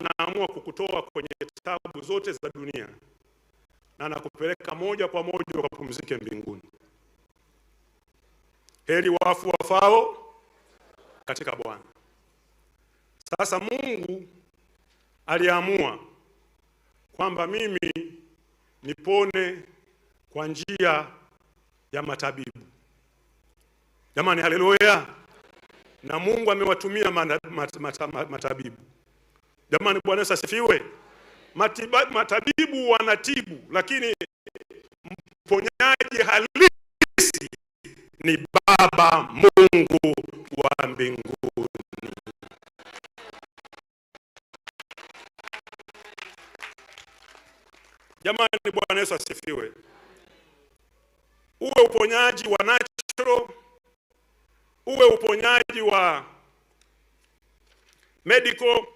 anaamua kukutoa kwenye tabu zote za dunia na anakupeleka moja kwa moja ukapumzike mbinguni. Heri wafu wafao katika Bwana. Sasa Mungu aliamua kwamba mimi nipone kwa njia ya matabibu. Jamani, haleluya! Na Mungu amewatumia matabibu Jamani, Bwana Yesu asifiwe. matabibu wanatibu, lakini mponyaji halisi ni Baba Mungu wa mbinguni. Jamani, Bwana Yesu asifiwe. Uwe uponyaji wa natural, uwe uponyaji wa medical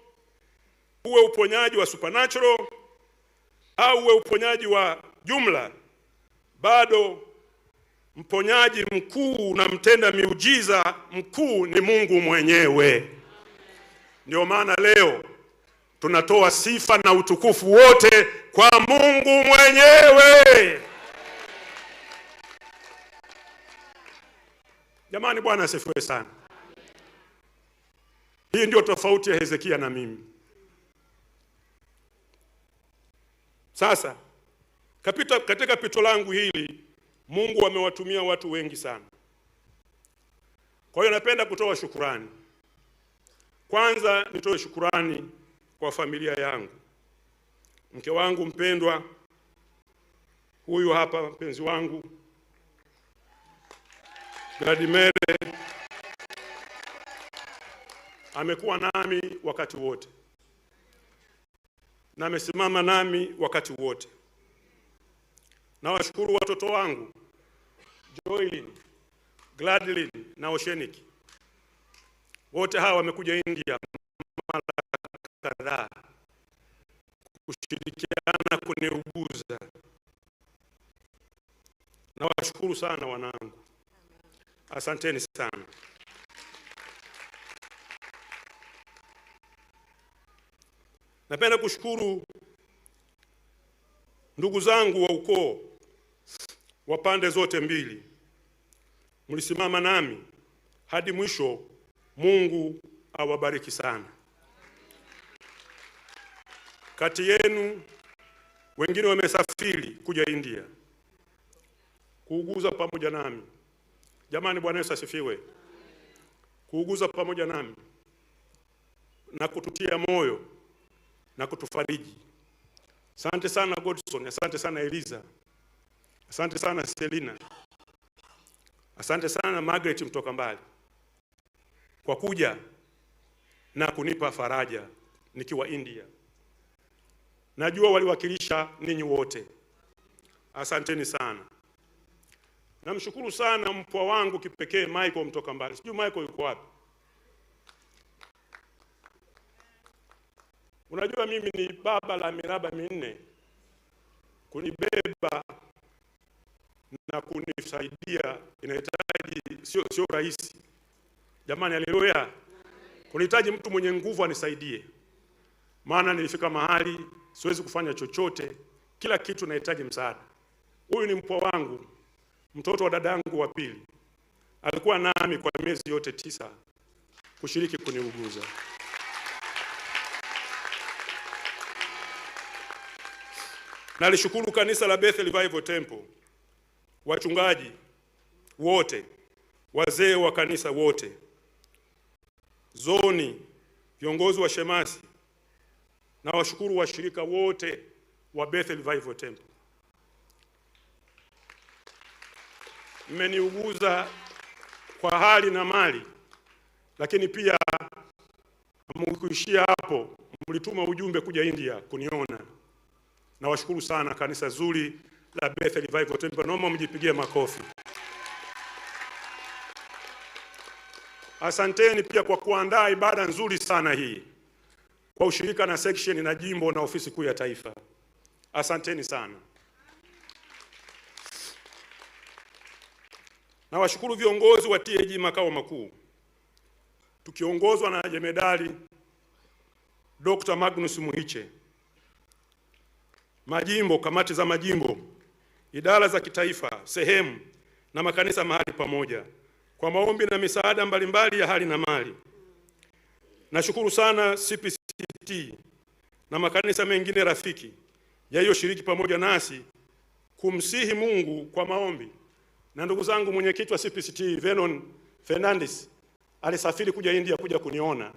uwe uponyaji wa supernatural au uwe uponyaji wa jumla, bado mponyaji mkuu na mtenda miujiza mkuu ni Mungu mwenyewe. Ndio maana leo tunatoa sifa na utukufu wote kwa Mungu mwenyewe. Jamani, Bwana asifiwe sana. Hii ndio tofauti ya Hezekia na mimi. Sasa kapita, katika pito langu hili Mungu amewatumia watu wengi sana. Kwa hiyo napenda kutoa shukurani. Kwanza nitoe shukurani kwa familia yangu, mke wangu mpendwa, huyu hapa mpenzi wangu Gladimere amekuwa nami wakati wote na amesimama nami wakati wote. Nawashukuru watoto wangu Joylin, Gladlin na Oshenik. Wote hawa wamekuja India mara kadhaa kushirikiana kuniuguza. Nawashukuru sana wanangu, asanteni sana. Napenda kushukuru ndugu zangu wa ukoo wa pande zote mbili, mlisimama nami hadi mwisho. Mungu awabariki sana. Kati yenu wengine wamesafiri kuja India kuuguza pamoja nami. Jamani, Bwana Yesu asifiwe! Kuuguza pamoja nami na kututia moyo na kutufariji. Asante sana Godson, asante sana Eliza, asante sana Selina, asante sana Margaret mtoka mbali kwa kuja na kunipa faraja nikiwa India. Najua waliwakilisha ninyi wote, asanteni sana. Namshukuru sana mpwa wangu kipekee Michael mtoka mbali, sijui Michael yuko wapi? Unajua, mimi ni baba la miraba minne, kunibeba na kunisaidia inahitaji, sio sio rahisi jamani. Haleluya! kunahitaji mtu mwenye nguvu anisaidie, maana nilifika mahali siwezi kufanya chochote, kila kitu nahitaji msaada. Huyu ni mpwa wangu, mtoto wa dada yangu wa pili, alikuwa nami kwa miezi yote tisa kushiriki kuniuguza. Nalishukuru kanisa la Bethel Revival Temple, wachungaji wote, wazee wa kanisa wote, zoni, viongozi wa shemasi na washukuru washirika wote wa Bethel Revival Temple. Mmeniuguza kwa hali na mali, lakini pia mkuishia hapo, mlituma ujumbe kuja India kuniona. Nawashukuru sana kanisa zuri la Bethel Revival Temple, naomba mjipigie makofi. Asanteni pia kwa kuandaa ibada nzuri sana hii kwa ushirika na section na jimbo na ofisi kuu ya taifa. Asanteni sana. Nawashukuru viongozi wa TAG makao makuu tukiongozwa na jemedali Dr. Magnus Muhiche majimbo, kamati za majimbo, idara za kitaifa, sehemu na makanisa mahali pamoja kwa maombi na misaada mbalimbali ya hali na mali. Nashukuru sana CPCT na makanisa mengine rafiki yaliyoshiriki pamoja nasi kumsihi Mungu kwa maombi. Na ndugu zangu, mwenyekiti wa CPCT Venon Fernandes alisafiri kuja India kuja kuniona.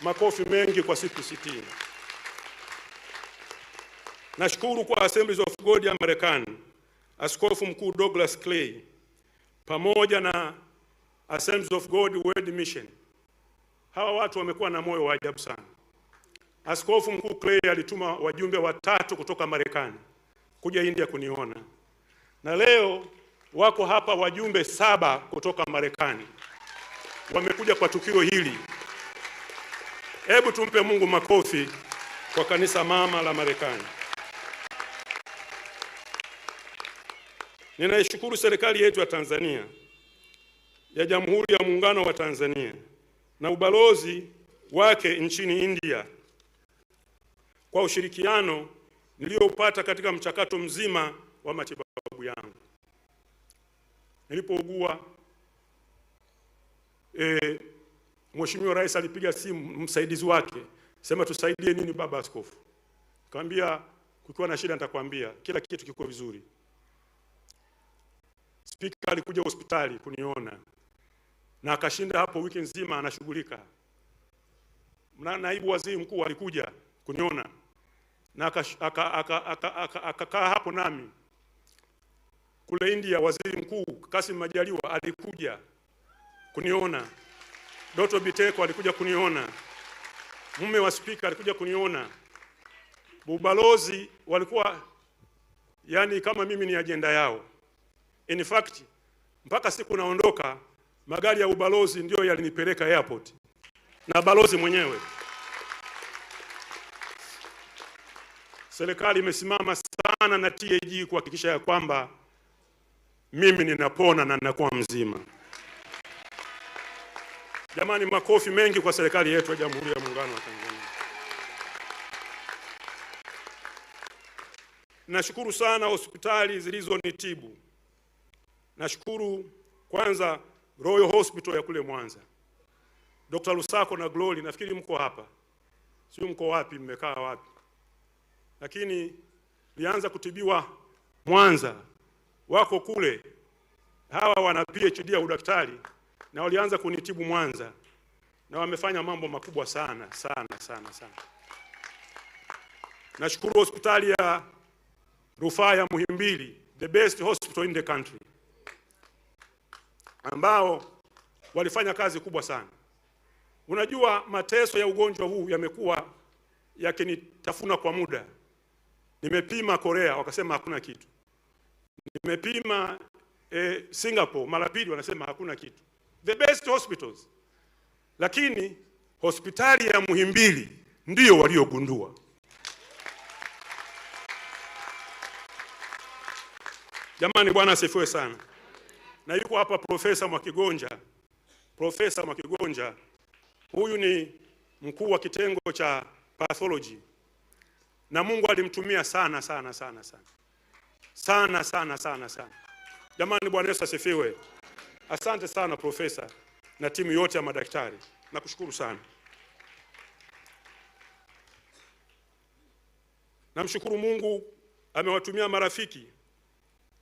Makofi mengi kwa CPCT. Nashukuru kwa Assemblies of God ya Marekani, Askofu Mkuu Douglas Clay pamoja na Assemblies of God World Mission. Hawa watu wamekuwa na moyo wa ajabu sana. Askofu Mkuu Clay alituma wajumbe watatu kutoka Marekani kuja India kuniona, na leo wako hapa wajumbe saba kutoka Marekani wamekuja kwa tukio hili. Hebu tumpe Mungu makofi kwa kanisa mama la Marekani. Ninaishukuru serikali yetu ya Tanzania ya Jamhuri ya Muungano wa Tanzania na ubalozi wake nchini India kwa ushirikiano niliopata katika mchakato mzima wa matibabu yangu nilipougua. E, Mheshimiwa Rais alipiga simu msaidizi wake, sema tusaidie nini baba askofu? Kaambia kukiwa na shida nitakwambia, kila kitu kiko vizuri. Spika alikuja hospitali kuniona na akashinda hapo wiki nzima anashughulika. Naibu waziri mkuu alikuja kuniona na akakaa hapo nami. Kule India, waziri mkuu Kasim Majaliwa alikuja kuniona, Doto Biteko alikuja kuniona, mume wa spika alikuja kuniona, bubalozi walikuwa yani kama mimi ni ajenda yao. In fact mpaka siku naondoka magari ya ubalozi ndiyo yalinipeleka airport na balozi mwenyewe. Serikali imesimama sana na TAG kuhakikisha ya kwamba mimi ninapona na ninakuwa mzima. Jamani, makofi mengi kwa serikali yetu ya Jamhuri ya Muungano wa Tanzania. Nashukuru sana hospitali zilizonitibu Nashukuru kwanza Royal Hospital ya kule Mwanza, Dr. Lusako na Glory, nafikiri mko hapa, sio mko wapi, mmekaa wapi, lakini lianza kutibiwa Mwanza, wako kule hawa wana PhD ya udaktari na walianza kunitibu Mwanza na wamefanya mambo makubwa sana sana sana sana. Nashukuru hospitali ya rufaa ya Muhimbili, the best hospital in the country ambao walifanya kazi kubwa sana. Unajua, mateso ya ugonjwa huu yamekuwa yakinitafuna kwa muda. Nimepima Korea, wakasema hakuna kitu. Nimepima eh, Singapore mara pili, wanasema hakuna kitu, the best hospitals. Lakini hospitali ya Muhimbili ndiyo waliogundua. Jamani, Bwana asifiwe sana na yuko hapa Profesa Mwakigonja. Profesa Mwakigonja huyu ni mkuu wa kitengo cha pathology, na Mungu alimtumia sana sana sana sana sana sana sana sana. Jamani, Bwana Yesu asifiwe. Asante sana profesa na timu yote ya madaktari, nakushukuru sana. Namshukuru Mungu amewatumia marafiki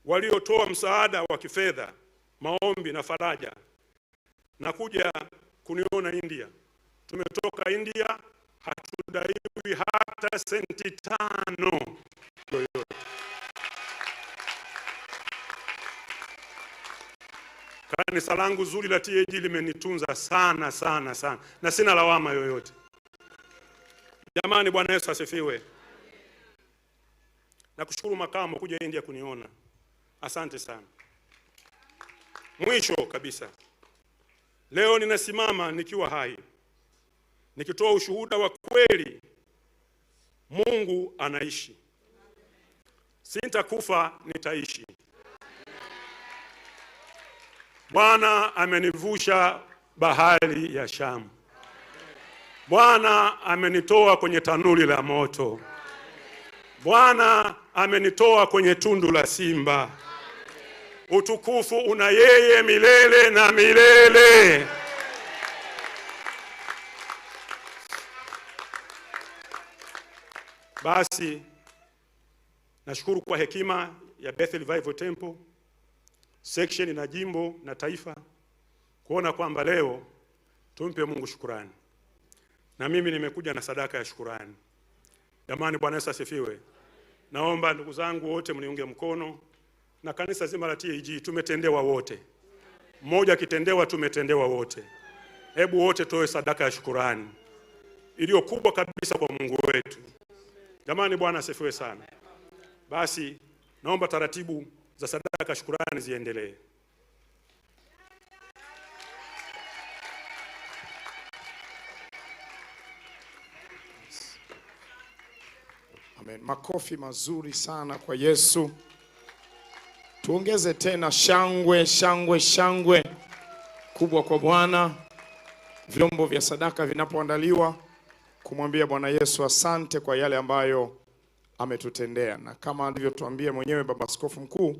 waliotoa msaada wa kifedha maombi na faraja na kuja kuniona India. Tumetoka India hatudaiwi hata senti tano yoyote. Kanisa langu zuri la TAG limenitunza sana sana sana, na sina lawama yoyote. Jamani, Bwana Yesu asifiwe. Nakushukuru makamu kuja India kuniona, asante sana. Mwisho kabisa, leo ninasimama nikiwa hai nikitoa ushuhuda wa kweli, Mungu anaishi. Sintakufa, nitaishi. Bwana amenivusha bahari ya Shamu. Bwana amenitoa kwenye tanuri la moto. Bwana amenitoa kwenye tundu la simba. Utukufu una yeye milele na milele. Basi nashukuru kwa hekima ya Bethel Revival Temple section na jimbo na taifa kuona kwamba leo tumpe Mungu shukurani, na mimi nimekuja na sadaka ya shukurani. Jamani, Bwana Yesu asifiwe. Naomba ndugu zangu wote mniunge mkono na kanisa zima la TAG tumetendewa wote, mmoja akitendewa tumetendewa wote. Hebu wote toe sadaka ya shukurani iliyo kubwa kabisa kwa Mungu wetu. Jamani, Bwana asifiwe sana. Basi naomba taratibu za sadaka shukurani ziendelee. Amen. Makofi mazuri sana kwa Yesu. Tuongeze tena shangwe shangwe shangwe kubwa kwa Bwana vyombo vya sadaka vinapoandaliwa kumwambia Bwana Yesu asante kwa yale ambayo ametutendea, na kama alivyotuambia mwenyewe Baba Askofu Mkuu,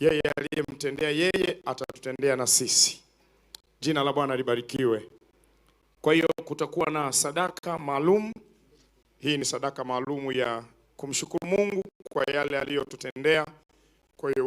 yeye aliyemtendea yeye atatutendea na sisi. Jina la Bwana libarikiwe. Kwa hiyo kutakuwa na sadaka maalum. Hii ni sadaka maalum ya kumshukuru Mungu kwa yale aliyotutendea.